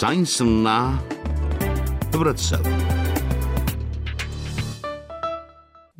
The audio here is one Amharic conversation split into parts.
ሳይንስና ህብረተሰብ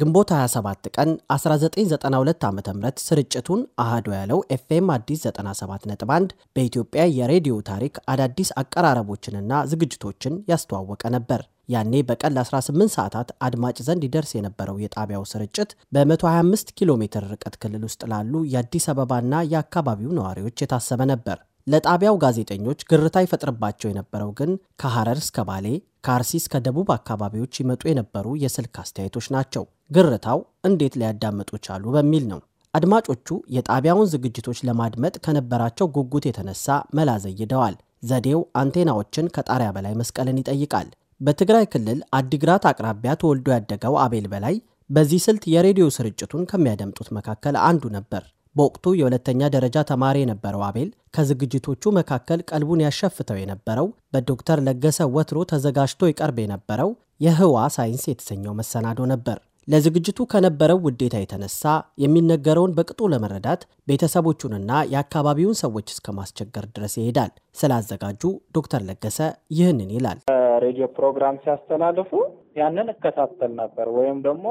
ግንቦት 27 ቀን 1992 ዓ ም ስርጭቱን አህዶ ያለው ኤፍኤም አዲስ 97.1 በኢትዮጵያ የሬዲዮ ታሪክ አዳዲስ አቀራረቦችንና ዝግጅቶችን ያስተዋወቀ ነበር። ያኔ በቀን ለ18 ሰዓታት አድማጭ ዘንድ ይደርስ የነበረው የጣቢያው ስርጭት በ125 ኪሎ ሜትር ርቀት ክልል ውስጥ ላሉ የአዲስ አበባና የአካባቢው ነዋሪዎች የታሰበ ነበር። ለጣቢያው ጋዜጠኞች ግርታ ይፈጥርባቸው የነበረው ግን ከሐረር እስከ ባሌ ከአርሲስ ከደቡብ አካባቢዎች ይመጡ የነበሩ የስልክ አስተያየቶች ናቸው። ግርታው እንዴት ሊያዳምጡ ቻሉ በሚል ነው። አድማጮቹ የጣቢያውን ዝግጅቶች ለማድመጥ ከነበራቸው ጉጉት የተነሳ መላ ዘይደዋል። ዘዴው አንቴናዎችን ከጣሪያ በላይ መስቀልን ይጠይቃል። በትግራይ ክልል አዲግራት አቅራቢያ ተወልዶ ያደገው አቤል በላይ በዚህ ስልት የሬዲዮ ስርጭቱን ከሚያደምጡት መካከል አንዱ ነበር። በወቅቱ የሁለተኛ ደረጃ ተማሪ የነበረው አቤል ከዝግጅቶቹ መካከል ቀልቡን ያሸፍተው የነበረው በዶክተር ለገሰ ወትሮ ተዘጋጅቶ ይቀርብ የነበረው የህዋ ሳይንስ የተሰኘው መሰናዶ ነበር። ለዝግጅቱ ከነበረው ውዴታ የተነሳ የሚነገረውን በቅጡ ለመረዳት ቤተሰቦቹንና የአካባቢውን ሰዎች እስከ ማስቸገር ድረስ ይሄዳል። ስላዘጋጁ ዶክተር ለገሰ ይህንን ይላል። ሬዲዮ ፕሮግራም ሲያስተላልፉ ያንን እከታተል ነበር ወይም ደግሞ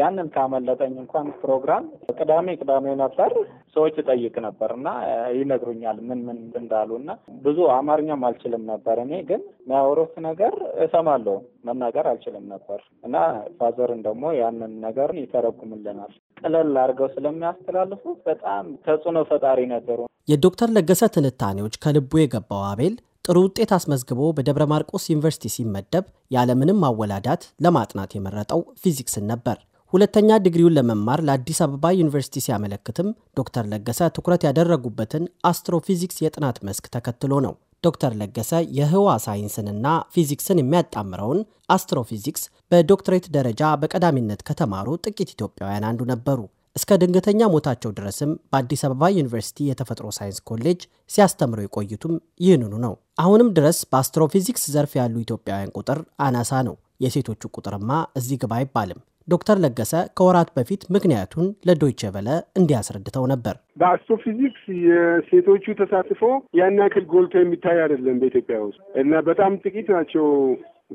ያንን ካመለጠኝ እንኳን ፕሮግራም ቅዳሜ ቅዳሜ ነበር ሰዎች እጠይቅ ነበር እና ይነግሩኛል ምን ምን እንዳሉ እና ብዙ አማርኛም አልችልም ነበር። እኔ ግን የሚያወሩት ነገር እሰማለሁ፣ መናገር አልችልም ነበር እና ፋዘርን ደግሞ ያንን ነገር ይተረጉምልናል። ቀለል አድርገው ስለሚያስተላልፉ በጣም ተጽዕኖ ፈጣሪ ነበሩ። የዶክተር ለገሰ ትንታኔዎች ከልቡ የገባው አቤል ጥሩ ውጤት አስመዝግቦ በደብረ ማርቆስ ዩኒቨርሲቲ ሲመደብ ያለምንም ማወላዳት ለማጥናት የመረጠው ፊዚክስን ነበር። ሁለተኛ ዲግሪውን ለመማር ለአዲስ አበባ ዩኒቨርሲቲ ሲያመለክትም ዶክተር ለገሰ ትኩረት ያደረጉበትን አስትሮፊዚክስ የጥናት መስክ ተከትሎ ነው። ዶክተር ለገሰ የህዋ ሳይንስንና ፊዚክስን የሚያጣምረውን አስትሮፊዚክስ በዶክትሬት ደረጃ በቀዳሚነት ከተማሩ ጥቂት ኢትዮጵያውያን አንዱ ነበሩ። እስከ ድንገተኛ ሞታቸው ድረስም በአዲስ አበባ ዩኒቨርሲቲ የተፈጥሮ ሳይንስ ኮሌጅ ሲያስተምሩ የቆዩትም ይህንኑ ነው። አሁንም ድረስ በአስትሮፊዚክስ ዘርፍ ያሉ ኢትዮጵያውያን ቁጥር አናሳ ነው። የሴቶቹ ቁጥርማ እዚህ ግባ አይባልም። ዶክተር ለገሰ ከወራት በፊት ምክንያቱን ለዶይቼ ቬለ እንዲያስረድተው ነበር። በአስትሮፊዚክስ የሴቶቹ ተሳትፎ ያን ያክል ጎልቶ የሚታይ አይደለም በኢትዮጵያ ውስጥ እና በጣም ጥቂት ናቸው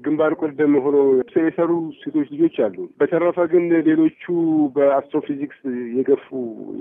ግንባር ቀደም ሆኖ የሰሩ ሴቶች ልጆች አሉ። በተረፈ ግን ሌሎቹ በአስትሮፊዚክስ የገፉ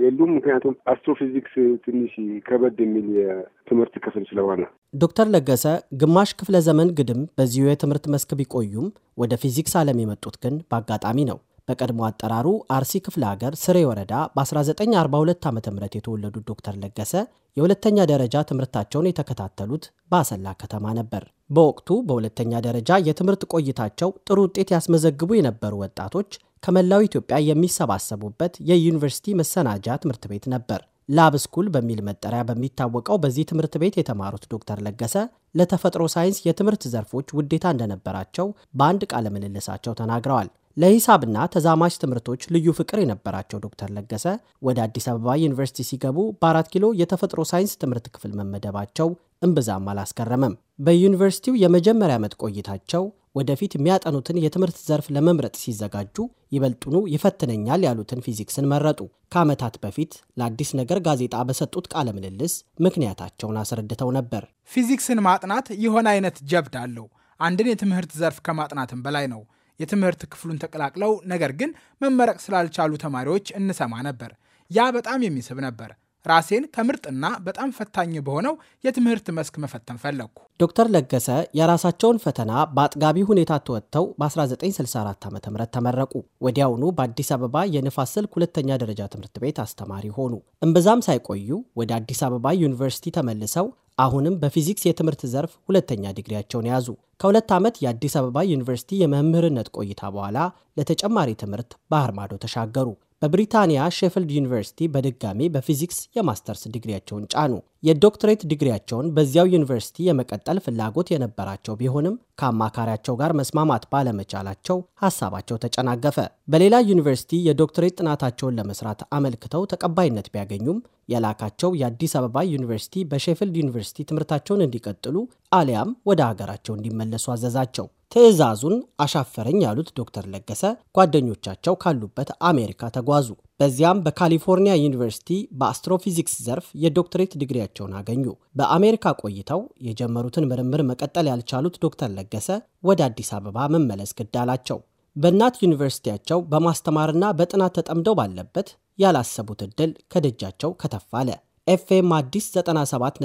የሉም። ምክንያቱም አስትሮፊዚክስ ትንሽ ከበድ የሚል የትምህርት ክፍል ስለሆነ ዶክተር ለገሰ ግማሽ ክፍለ ዘመን ግድም በዚሁ የትምህርት መስክ ቢቆዩም ወደ ፊዚክስ ዓለም የመጡት ግን በአጋጣሚ ነው። በቀድሞ አጠራሩ አርሲ ክፍለ ሀገር ስሬ ወረዳ በ1942 ዓ ም የተወለዱት ዶክተር ለገሰ የሁለተኛ ደረጃ ትምህርታቸውን የተከታተሉት በአሰላ ከተማ ነበር። በወቅቱ በሁለተኛ ደረጃ የትምህርት ቆይታቸው ጥሩ ውጤት ያስመዘግቡ የነበሩ ወጣቶች ከመላው ኢትዮጵያ የሚሰባሰቡበት የዩኒቨርሲቲ መሰናጃ ትምህርት ቤት ነበር። ላብ ስኩል በሚል መጠሪያ በሚታወቀው በዚህ ትምህርት ቤት የተማሩት ዶክተር ለገሰ ለተፈጥሮ ሳይንስ የትምህርት ዘርፎች ውዴታ እንደነበራቸው በአንድ ቃለ ምልልሳቸው ተናግረዋል። ለሂሳብና ተዛማች ትምህርቶች ልዩ ፍቅር የነበራቸው ዶክተር ለገሰ ወደ አዲስ አበባ ዩኒቨርሲቲ ሲገቡ በአራት ኪሎ የተፈጥሮ ሳይንስ ትምህርት ክፍል መመደባቸው እምብዛም አላስከረመም። በዩኒቨርሲቲው የመጀመሪያ ዓመት ቆይታቸው ወደፊት የሚያጠኑትን የትምህርት ዘርፍ ለመምረጥ ሲዘጋጁ ይበልጡኑ ይፈትነኛል ያሉትን ፊዚክስን መረጡ። ከዓመታት በፊት ለአዲስ ነገር ጋዜጣ በሰጡት ቃለ ምልልስ ምክንያታቸውን አስረድተው ነበር። ፊዚክስን ማጥናት የሆነ አይነት ጀብድ አለው። አንድን የትምህርት ዘርፍ ከማጥናትም በላይ ነው። የትምህርት ክፍሉን ተቀላቅለው ነገር ግን መመረቅ ስላልቻሉ ተማሪዎች እንሰማ ነበር። ያ በጣም የሚስብ ነበር። ራሴን ከምርጥና በጣም ፈታኝ በሆነው የትምህርት መስክ መፈተን ፈለግኩ። ዶክተር ለገሰ የራሳቸውን ፈተና በአጥጋቢ ሁኔታ ተወጥተው በ1964 ዓ ም ተመረቁ። ወዲያውኑ በአዲስ አበባ የንፋስ ስልክ ሁለተኛ ደረጃ ትምህርት ቤት አስተማሪ ሆኑ። እምብዛም ሳይቆዩ ወደ አዲስ አበባ ዩኒቨርሲቲ ተመልሰው አሁንም በፊዚክስ የትምህርት ዘርፍ ሁለተኛ ዲግሪያቸውን ያዙ። ከሁለት ዓመት የአዲስ አበባ ዩኒቨርሲቲ የመምህርነት ቆይታ በኋላ ለተጨማሪ ትምህርት ባህር ማዶ ተሻገሩ። በብሪታንያ ሼፊልድ ዩኒቨርሲቲ በድጋሚ በፊዚክስ የማስተርስ ዲግሪያቸውን ጫኑ። የዶክትሬት ዲግሪያቸውን በዚያው ዩኒቨርሲቲ የመቀጠል ፍላጎት የነበራቸው ቢሆንም ከአማካሪያቸው ጋር መስማማት ባለመቻላቸው ሀሳባቸው ተጨናገፈ። በሌላ ዩኒቨርሲቲ የዶክትሬት ጥናታቸውን ለመስራት አመልክተው ተቀባይነት ቢያገኙም የላካቸው የአዲስ አበባ ዩኒቨርሲቲ በሼፊልድ ዩኒቨርሲቲ ትምህርታቸውን እንዲቀጥሉ አሊያም ወደ ሀገራቸው እንዲመለሱ አዘዛቸው። ትዕዛዙን አሻፈረኝ ያሉት ዶክተር ለገሰ ጓደኞቻቸው ካሉበት አሜሪካ ተጓዙ። በዚያም በካሊፎርኒያ ዩኒቨርሲቲ በአስትሮፊዚክስ ዘርፍ የዶክትሬት ዲግሪያቸውን አገኙ። በአሜሪካ ቆይተው የጀመሩትን ምርምር መቀጠል ያልቻሉት ዶክተር ለገሰ ወደ አዲስ አበባ መመለስ ግድ አላቸው። በእናት ዩኒቨርሲቲያቸው በማስተማርና በጥናት ተጠምደው ባለበት ያላሰቡት እድል ከደጃቸው ከተፋለ። ኤፍኤም አዲስ ነጥ1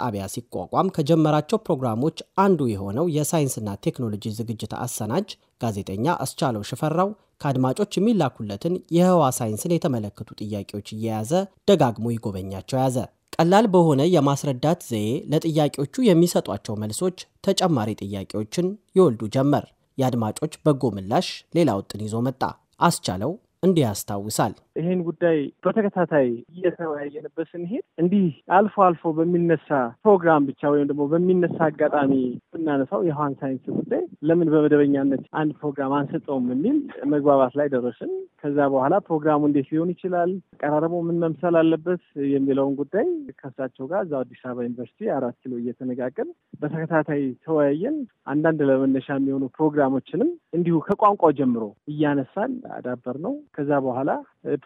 ጣቢያ ሲቋቋም ከጀመራቸው ፕሮግራሞች አንዱ የሆነው የሳይንስና ቴክኖሎጂ ዝግጅት አሰናጅ ጋዜጠኛ አስቻለው ሽፈራው ከአድማጮች የሚላኩለትን የህዋ ሳይንስን የተመለከቱ ጥያቄዎች እየያዘ ደጋግሞ ይጎበኛቸው ያዘ። ቀላል በሆነ የማስረዳት ዘዬ ለጥያቄዎቹ የሚሰጧቸው መልሶች ተጨማሪ ጥያቄዎችን ይወልዱ ጀመር። የአድማጮች በጎ ምላሽ ሌላ ውጥን ይዞ መጣ። አስቻለው እንዲህ ያስታውሳል። ይህን ጉዳይ በተከታታይ እየተወያየንበት ስንሄድ እንዲህ አልፎ አልፎ በሚነሳ ፕሮግራም ብቻ ወይም ደግሞ በሚነሳ አጋጣሚ ብናነሳው የውሃን ሳይንስ ጉዳይ ለምን በመደበኛነት አንድ ፕሮግራም አንሰጠውም የሚል መግባባት ላይ ደረስን። ከዛ በኋላ ፕሮግራሙ እንዴት ሊሆን ይችላል፣ አቀራረቡ ምን መምሰል አለበት የሚለውን ጉዳይ ከእሳቸው ጋር እዛው አዲስ አበባ ዩኒቨርሲቲ አራት ኪሎ እየተነጋገን በተከታታይ ተወያየን። አንዳንድ ለመነሻ የሚሆኑ ፕሮግራሞችንም እንዲሁ ከቋንቋው ጀምሮ እያነሳን አዳበር ነው። ከዛ በኋላ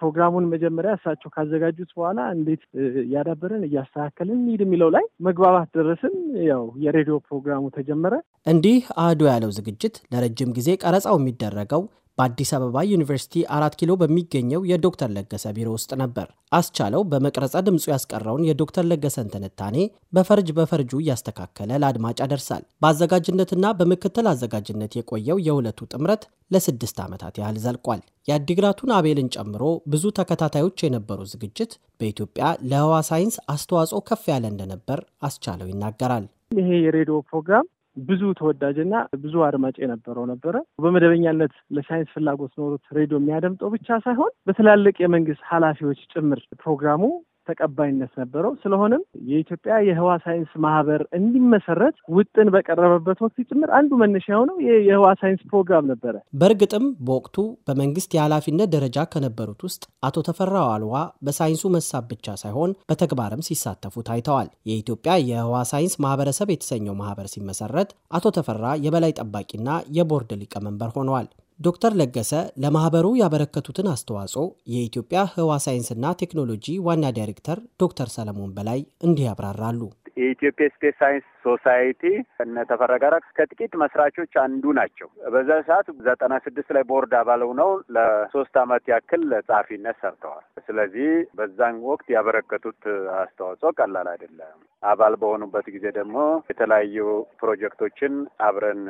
ፕሮግራሙን መጀመሪያ እሳቸው ካዘጋጁት በኋላ እንዴት እያዳበርን እያስተካከልን እንሂድ የሚለው ላይ መግባባት ደረስን። ያው የሬዲዮ ፕሮግራሙ ተጀመረ። እንዲህ አህዶ ያለው ዝግጅት ለረጅም ጊዜ ቀረጻው የሚደረገው በአዲስ አበባ ዩኒቨርሲቲ አራት ኪሎ በሚገኘው የዶክተር ለገሰ ቢሮ ውስጥ ነበር። አስቻለው በመቅረጸ ድምፁ ያስቀረውን የዶክተር ለገሰን ትንታኔ በፈርጅ በፈርጁ እያስተካከለ ለአድማጭ ያደርሳል። በአዘጋጅነትና በምክትል አዘጋጅነት የቆየው የሁለቱ ጥምረት ለስድስት ዓመታት ያህል ዘልቋል። የአዲግራቱን አቤልን ጨምሮ ብዙ ተከታታዮች የነበሩ ዝግጅት በኢትዮጵያ ለህዋ ሳይንስ አስተዋጽኦ ከፍ ያለ እንደነበር አስቻለው ይናገራል። ይሄ የሬዲዮ ፕሮግራም ብዙ ተወዳጅና ብዙ አድማጭ የነበረው ነበረ። በመደበኛነት ለሳይንስ ፍላጎት ኖሮት ሬዲዮ የሚያደምጠው ብቻ ሳይሆን በትላልቅ የመንግስት ኃላፊዎች ጭምር ፕሮግራሙ ተቀባይነት ነበረው። ስለሆነም የኢትዮጵያ የህዋ ሳይንስ ማህበር እንዲመሰረት ውጥን በቀረበበት ወቅት ጭምር አንዱ መነሻ የሆነው የህዋ ሳይንስ ፕሮግራም ነበረ። በእርግጥም በወቅቱ በመንግስት የኃላፊነት ደረጃ ከነበሩት ውስጥ አቶ ተፈራ አልዋ በሳይንሱ መሳብ ብቻ ሳይሆን በተግባርም ሲሳተፉ ታይተዋል። የኢትዮጵያ የህዋ ሳይንስ ማህበረሰብ የተሰኘው ማህበር ሲመሰረት አቶ ተፈራ የበላይ ጠባቂና የቦርድ ሊቀመንበር ሆነዋል። ዶክተር ለገሰ ለማህበሩ ያበረከቱትን አስተዋጽኦ የኢትዮጵያ ህዋ ሳይንስና ቴክኖሎጂ ዋና ዳይሬክተር ዶክተር ሰለሞን በላይ እንዲህ ያብራራሉ። የኢትዮጵያ ስፔስ ሳይንስ ሶሳይቲ እነ ተፈራ ከጥቂት መስራቾች አንዱ ናቸው። በዛ ሰዓት ዘጠና ስድስት ላይ ቦርድ አባለው ነው። ለሶስት አመት ያክል ጸሐፊነት ሰርተዋል። ስለዚህ በዛን ወቅት ያበረከቱት አስተዋጽኦ ቀላል አይደለም። አባል በሆኑበት ጊዜ ደግሞ የተለያዩ ፕሮጀክቶችን አብረን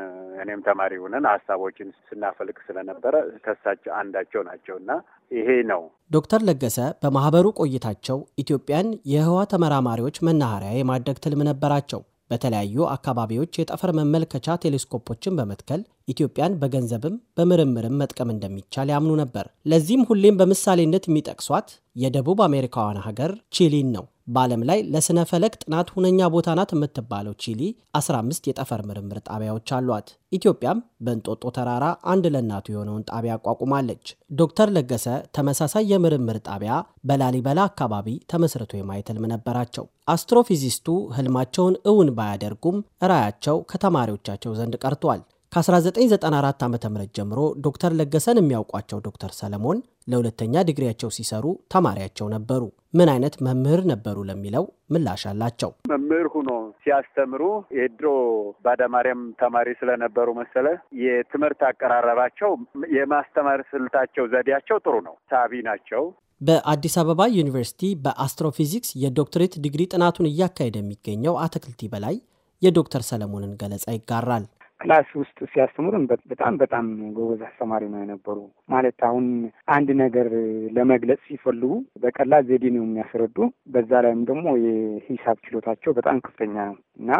እኔም ተማሪ ሆነን ሀሳቦችን ስናፈልቅ ስለነበረ ከሳቸው አንዳቸው ናቸው እና ይሄ ነው። ዶክተር ለገሰ በማህበሩ ቆይታቸው ኢትዮጵያን የህዋ ተመራማሪዎች መናኸሪያ የማድረግ ትልም ነበራቸው። በተለያዩ አካባቢዎች የጠፈር መመልከቻ ቴሌስኮፖችን በመትከል ኢትዮጵያን በገንዘብም በምርምርም መጥቀም እንደሚቻል ያምኑ ነበር። ለዚህም ሁሌም በምሳሌነት የሚጠቅሷት የደቡብ አሜሪካዋን ሀገር ቺሊን ነው። በዓለም ላይ ለስነ ፈለክ ጥናት ሁነኛ ቦታ ናት የምትባለው ቺሊ 15 የጠፈር ምርምር ጣቢያዎች አሏት። ኢትዮጵያም በእንጦጦ ተራራ አንድ ለእናቱ የሆነውን ጣቢያ አቋቁማለች። ዶክተር ለገሰ ተመሳሳይ የምርምር ጣቢያ በላሊበላ አካባቢ ተመስርቶ የማየት ህልም ነበራቸው። አስትሮፊዚስቱ ህልማቸውን እውን ባያደርጉም ራያቸው ከተማሪዎቻቸው ዘንድ ቀርቷል። ከ1994 ዓ ም ጀምሮ ዶክተር ለገሰን የሚያውቋቸው ዶክተር ሰለሞን ለሁለተኛ ዲግሪያቸው ሲሰሩ ተማሪያቸው ነበሩ። ምን አይነት መምህር ነበሩ ለሚለው ምላሽ አላቸው። መምህር ሁኖ ሲያስተምሩ የድሮ ባዳማርያም ተማሪ ስለነበሩ መሰለ የትምህርት አቀራረባቸው፣ የማስተማር ስልታቸው፣ ዘዴያቸው ጥሩ ነው። ሳቢ ናቸው። በአዲስ አበባ ዩኒቨርሲቲ በአስትሮፊዚክስ የዶክትሬት ዲግሪ ጥናቱን እያካሄደ የሚገኘው አትክልቲ በላይ የዶክተር ሰለሞንን ገለጻ ይጋራል። ክላስ ውስጥ ሲያስተምሩን በጣም በጣም ጎበዝ አስተማሪ ነው የነበሩ። ማለት አሁን አንድ ነገር ለመግለጽ ሲፈልጉ በቀላል ዘዴ ነው የሚያስረዱ። በዛ ላይም ደግሞ የሂሳብ ችሎታቸው በጣም ከፍተኛ ነው እና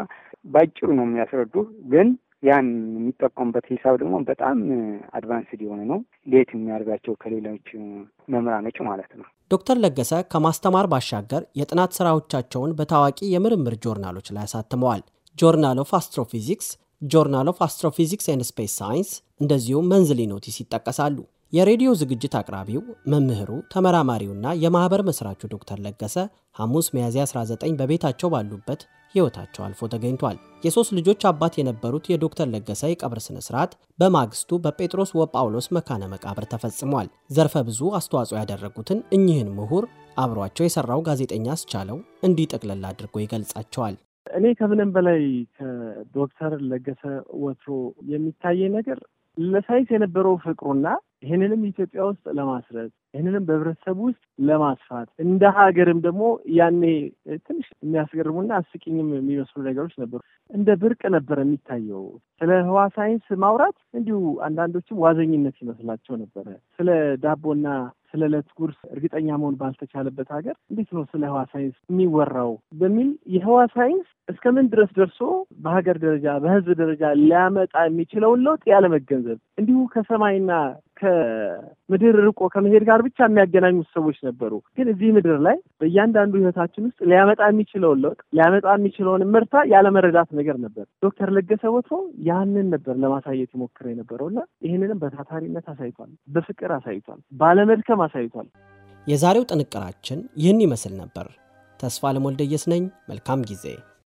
ባጭሩ ነው የሚያስረዱ ግን ያን የሚጠቀሙበት ሂሳብ ደግሞ በጣም አድቫንስድ የሆነ ነው። ሌት የሚያደርጋቸው ከሌሎች መምህራኖች ማለት ነው። ዶክተር ለገሰ ከማስተማር ባሻገር የጥናት ስራዎቻቸውን በታዋቂ የምርምር ጆርናሎች ላይ አሳትመዋል። ጆርናል ኦፍ አስትሮፊዚክስ ጆርናል ኦፍ አስትሮፊዚክስ ኤንድ ስፔስ ሳይንስ እንደዚሁም መንዝሊ ኖቲስ ይጠቀሳሉ። የሬዲዮ ዝግጅት አቅራቢው መምህሩ፣ ተመራማሪውና የማኅበር መሥራቹ ዶክተር ለገሰ ሐሙስ ሚያዝያ 19 በቤታቸው ባሉበት ሕይወታቸው አልፎ ተገኝቷል። የሦስት ልጆች አባት የነበሩት የዶክተር ለገሰ የቀብር ሥነ ሥርዓት በማግስቱ በጴጥሮስ ወጳውሎስ መካነ መቃብር ተፈጽሟል። ዘርፈ ብዙ አስተዋጽኦ ያደረጉትን እኚህን ምሁር አብሯቸው የሠራው ጋዜጠኛ አስቻለው እንዲህ ጠቅለል አድርጎ ይገልጻቸዋል። እኔ ከምንም በላይ ዶክተር ለገሰ ወትሮ የሚታየኝ ነገር ለሳይንስ የነበረው ፍቅሩና ይህንንም ኢትዮጵያ ውስጥ ለማስረት ይህንንም በህብረተሰብ ውስጥ ለማስፋት እንደ ሀገርም ደግሞ ያኔ ትንሽ የሚያስገርሙና አስቂኝም የሚመስሉ ነገሮች ነበሩ። እንደ ብርቅ ነበር የሚታየው። ስለ ህዋ ሳይንስ ማውራት እንዲሁ አንዳንዶችም ዋዘኝነት ይመስላቸው ነበረ። ስለ ዳቦና ስለ ዕለት ጉርስ እርግጠኛ መሆን ባልተቻለበት ሀገር እንዴት ነው ስለ ህዋ ሳይንስ የሚወራው በሚል የህዋ ሳይንስ እስከምን ድረስ ደርሶ በሀገር ደረጃ በህዝብ ደረጃ ሊያመጣ የሚችለውን ለውጥ ያለመገንዘብ እንዲሁ ከሰማይና ከምድር ርቆ ከመሄድ ጋር ብቻ የሚያገናኙት ሰዎች ነበሩ። ግን እዚህ ምድር ላይ በእያንዳንዱ ህይወታችን ውስጥ ሊያመጣ የሚችለውን ለውጥ ሊያመጣ የሚችለውን ምርታ ያለመረዳት ነገር ነበር። ዶክተር ለገሰ ወትሮ ያንን ነበር ለማሳየት ይሞክር እና ይህንንም በታታሪነት አሳይቷል፣ በፍቅር አሳይቷል፣ ባለመድከም አሳይቷል። የዛሬው ጥንቅራችን ይህን ይመስል ነበር። ተስፋ ለሞልደየስ ነኝ። መልካም ጊዜ